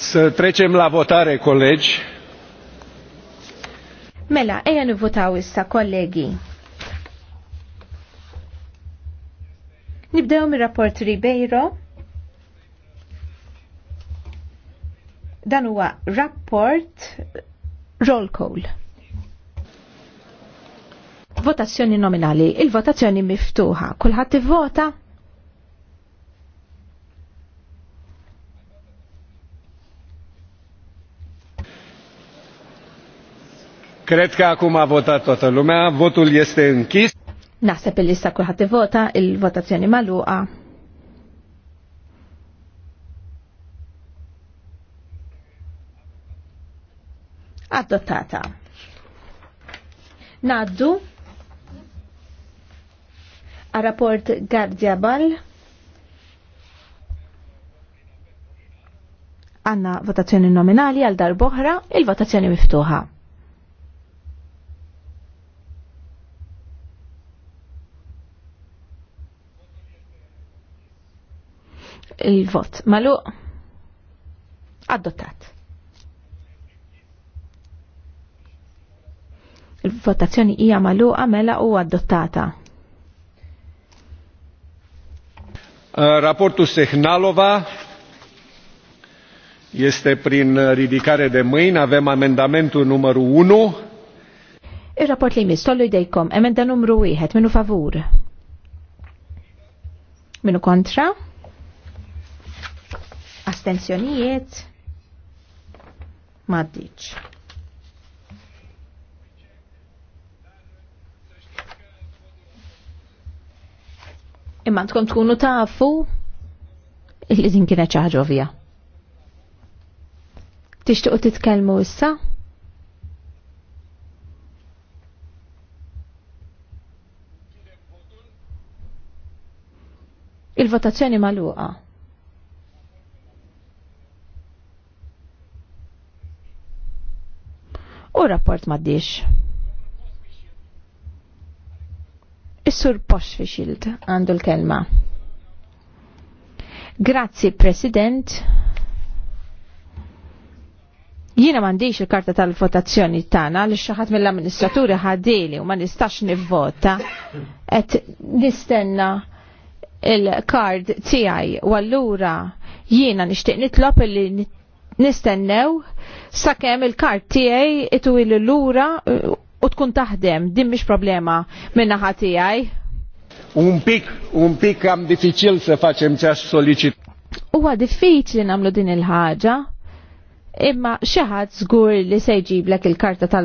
Să trecem la votare, colegi. Mela, eja nivvotaw issa, kollegi. Nibdew mir-rapport Ribeiro. Dan huwa rapport roll call. Votazzjoni nominali. Il-votazzjoni miftuħa. Kulħadd ivvota? Cred ka acum a votat toată lumea, votul este închis. Naħseb li sa kulħadd ivota il-votazzjoni magħluqa. Adottata. Naddu a rapport Gardiabal. Għanna votazzjoni nominali għal darboħra, il-votazzjoni miftuħa. Il-vot maluq adottat. Il-votazzjoni hija maluqa għamela u adottata. Eh, Rapportu Sehnalova Jeste prin eh, ridikare de mâini. Avem amendamentu numru 1. Il-rapport li jmiss tollu jdejkom, emenda numru 1, minu favur. Minu kontra? astensjonijiet maddiċ. Imma tkun tkunu tafu li din kienet xi ħaġa ovvja. Tixtiequ titkellmu issa? Il-votazzjoni magħluqa. u rapport maddix. Is-sur Poshfishild għandu l-kelma. Grazzi, President. Jiena m'għandix il-karta tal-votazzjoni tagħna li xaħat mill-amministraturi ħadili u ma nistax nivvota et nistenna il-kard tiegħi u allura jiena nixtieq nitlob li nistennew sakemm il-kart tiegħi itwil lura u tkun taħdem, din mhix problema minn naħa tiegħi. Un pik, un pik kam diffiċil se faċem ċax solicit. Huwa diffiċli nagħmlu din il-ħaġa, imma xi ħadd żgur li se jġiblek il-karta tal